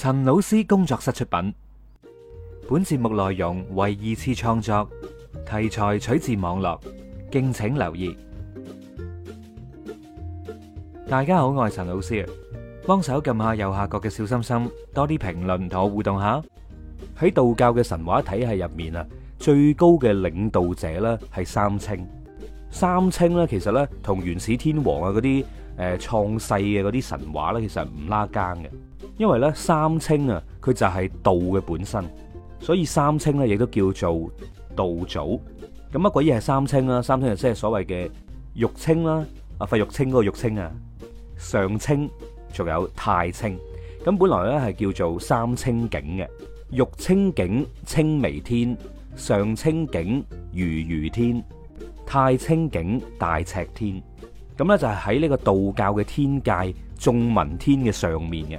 陳老師工作室出品，本節目內容為二次創作，題材取自網絡，敬請留意。大家好，我係陳老師，幫手撳下右下角嘅小心心，多啲評論同我互動下。喺道教嘅神話體系入面啊，最高嘅領導者咧係三清。三清呢，其實呢同元始天王啊嗰啲。誒、呃、創世嘅嗰啲神話咧，其實係唔拉更嘅，因為咧三清啊，佢就係道嘅本身，所以三清咧亦都叫做道祖。咁乜鬼嘢係三清啦？三清就即係所謂嘅玉清啦，啊，費玉清嗰個玉清啊，上清，仲有太清。咁本來咧係叫做三清境嘅，玉清境清微天，上清境如如天，太清境大赤天。咁咧就係喺呢個道教嘅天界眾文天嘅上面嘅。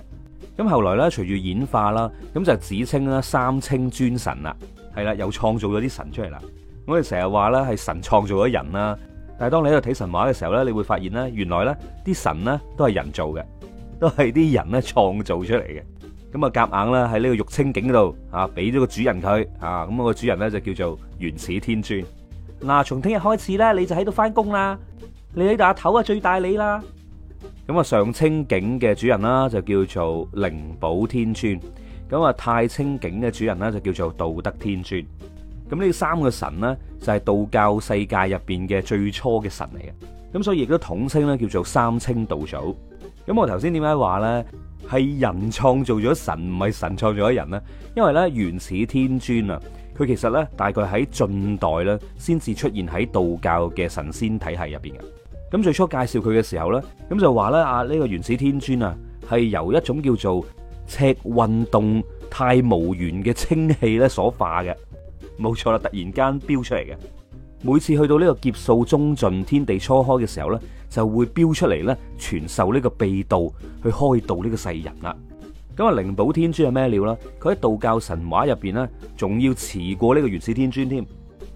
咁後來咧隨住演化啦，咁就指稱啦三清尊神啦，係啦又創造咗啲神出嚟啦。我哋成日話咧係神創造咗人啦，但係當你喺度睇神話嘅時候咧，你會發現咧原來咧啲神咧都係人造嘅，都係啲人咧創造出嚟嘅。咁啊夾硬啦喺呢個玉清境度啊俾咗個主人佢啊，咁個主人咧就叫做原始天尊。嗱，從聽日開始咧你就喺度翻工啦。你啲阿頭啊，最大你啦。咁啊，上清境嘅主人啦，就叫做靈寶天尊。咁啊，太清境嘅主人啦就叫做道德天尊。咁呢三個神呢，就係道教世界入邊嘅最初嘅神嚟嘅。咁所以亦都統稱咧，叫做三清道祖。咁我頭先點解話呢？係人創造咗神，唔係神創造咗人呢？因為呢，元始天尊啊，佢其實呢，大概喺晉代咧，先至出現喺道教嘅神仙體系入邊嘅。咁最初介紹佢嘅時候咧，咁就話咧啊，呢個元始天尊啊，係由一種叫做赤運動太無緣嘅清氣咧所化嘅，冇錯啦，突然間飆出嚟嘅。每次去到呢個劫數終盡天地初開嘅時候咧，就會飆出嚟咧，傳授呢個秘道去開導呢個世人啦。咁啊，靈寶天尊係咩料呢？佢喺道教神話入邊咧，仲要遲過呢個元始天尊添，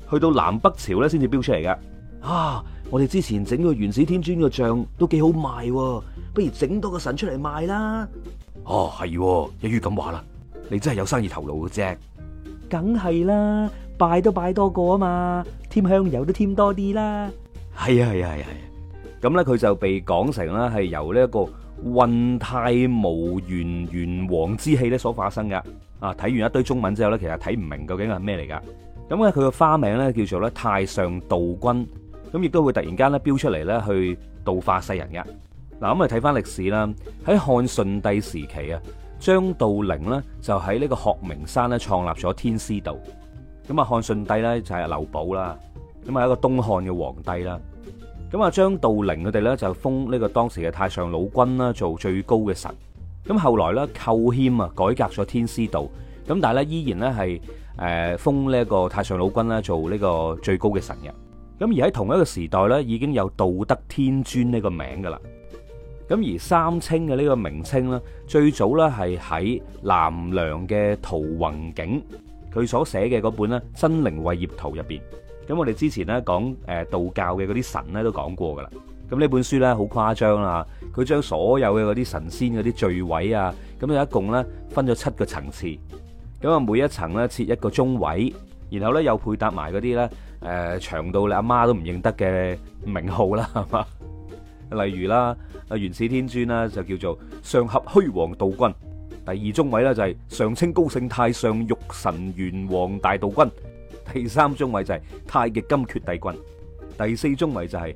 去到南北朝咧先至飆出嚟嘅。啊！我哋之前整個元始天尊個像都幾好賣的，不如整多個神出嚟賣啦。哦、啊，係，一於咁話啦，你真係有生意頭腦嘅啫。梗係啦，拜都拜多個啊嘛，添香油都添多啲啦。係啊，係啊，係啊，咁咧佢就被講成啦係由呢一個運太無元玄黃之氣咧所發生噶。啊，睇完一堆中文之後咧，其實睇唔明白究竟係咩嚟噶。咁咧佢個花名咧叫做咧太上道君。咁亦都會突然間咧飆出嚟咧去道化世人嘅。嗱，咁嚟睇翻歷史啦，喺漢順帝時期啊，張道陵呢，就喺呢個鶴鳴山咧創立咗天師道。咁啊，漢順帝咧就係劉保啦，咁啊一個東漢嘅皇帝啦。咁啊，張道陵佢哋咧就封呢個當時嘅太上老君啦做最高嘅神。咁後來咧寇謙啊改革咗天師道，咁但係咧依然咧係誒封呢一個太上老君啦做呢個最高嘅神人。咁而喺同一個時代呢，已經有道德天尊呢個名噶啦。咁而三清嘅呢個名稱呢，最早呢係喺南梁嘅陶弘景佢所寫嘅嗰本呢《真靈位業圖》入邊。咁我哋之前呢講誒道教嘅嗰啲神呢都講過噶啦。咁呢本書呢好誇張啦，佢將所有嘅嗰啲神仙嗰啲座位啊，咁咧一共呢分咗七個層次。咁啊每一層呢設一個中位，然後呢又配搭埋嗰啲呢。誒、呃，長到你阿媽，媽都唔認得嘅名號啦，係嘛？例如啦，元始天尊啦，就叫做上合虛皇道君；第二中位啦，就係上清高聖太上玉神元皇大道君；第三中位就係太極金闕帝君；第四中位就係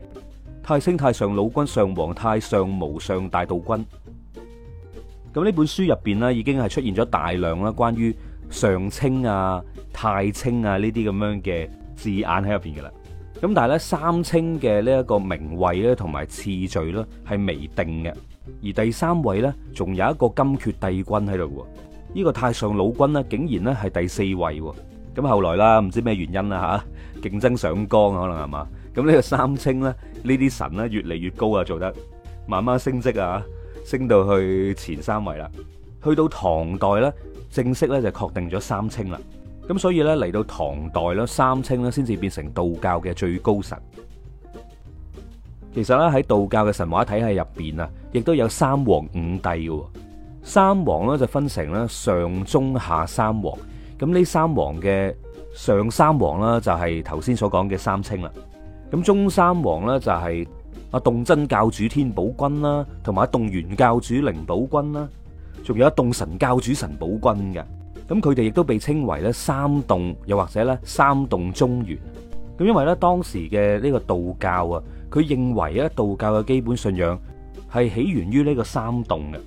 太清太上老君上皇太上無上大道君。咁呢本書入邊呢，已經係出現咗大量啦，關於上清啊、太清啊呢啲咁樣嘅字眼喺入邊嘅啦，咁但係咧三清嘅呢一個名位咧，同埋次序咧係未定嘅，而第三位咧仲有一個金闕帝君喺度嘅，呢個太上老君咧竟然咧係第四位，咁後來啦唔知咩原因啦吓，競爭上崗可能係嘛？咁呢個三清咧呢啲神咧越嚟越高啊，做得慢慢升職啊，升到去前三位啦，去到唐代咧正式咧就確定咗三清啦。咁所以呢，嚟到唐代咧，三清咧先至變成道教嘅最高神。其實咧喺道教嘅神話體系入邊啊，亦都有三皇五帝嘅。三皇呢，就分成咧上、中、下三皇。咁呢三皇嘅上三皇呢，就係頭先所講嘅三清啦。咁中三皇呢，就係阿洞真教主天寶君啦，同埋阿洞元教主靈寶君啦，仲有一洞神教主神寶君嘅。咁佢哋亦都被稱為咧三洞，又或者咧三洞宗源。咁因為咧當時嘅呢個道教啊，佢認為咧道教嘅基本信仰係起源於呢個三洞嘅，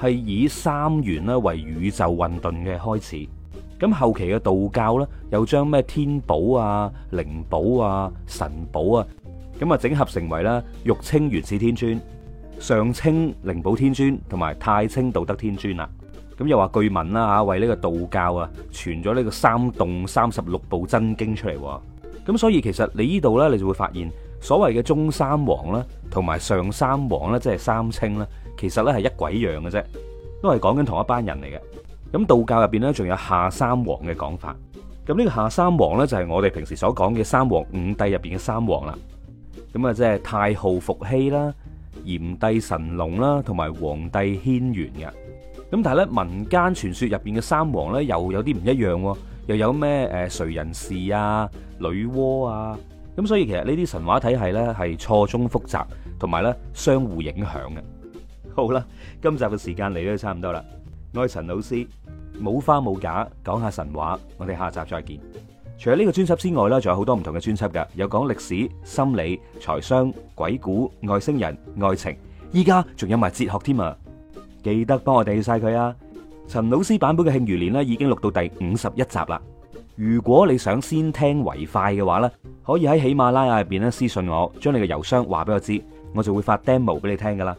係以三元咧為宇宙混沌嘅開始。咁後期嘅道教咧，又將咩天寶啊、靈寶啊、神寶啊，咁啊整合成為咧玉清元始天尊、上清靈寶天尊同埋太清道德天尊啦。咁又話據聞啦嚇，為呢個道教啊，傳咗呢個三洞三十六部真經出嚟。咁所以其實你呢度呢，你就會發現所謂嘅中三皇咧，同埋上三皇呢，即係三清咧，其實呢係一鬼樣嘅啫，都係講緊同一班人嚟嘅。咁道教入邊呢，仲有下三皇嘅講法。咁呢個下三皇呢，就係我哋平時所講嘅三皇五帝入邊嘅三皇啦。咁啊，即係太昊伏羲啦、炎帝神農啦，同埋黃帝軒轅嘅。咁但係咧民間傳說入邊嘅三王咧又有啲唔一樣，又有咩誒燧人氏啊女媧啊，咁所以其實呢啲神話體系咧係錯綜複雜，同埋咧相互影響嘅。好啦，今集嘅時間嚟到差唔多啦，愛神老師冇花冇假講下神話，我哋下集再見。除咗呢個專輯之外咧，仲有好多唔同嘅專輯噶，有講歷史、心理、財商、鬼故、外星人、愛情，依家仲有埋哲學添啊！記得幫我訂閱晒佢啊！陳老師版本嘅《慶餘年》已經錄到第五十一集啦。如果你想先聽為快嘅話呢，可以喺喜馬拉雅入邊咧私信我，將你嘅郵箱話俾我知，我就會發 demo 俾你聽噶啦。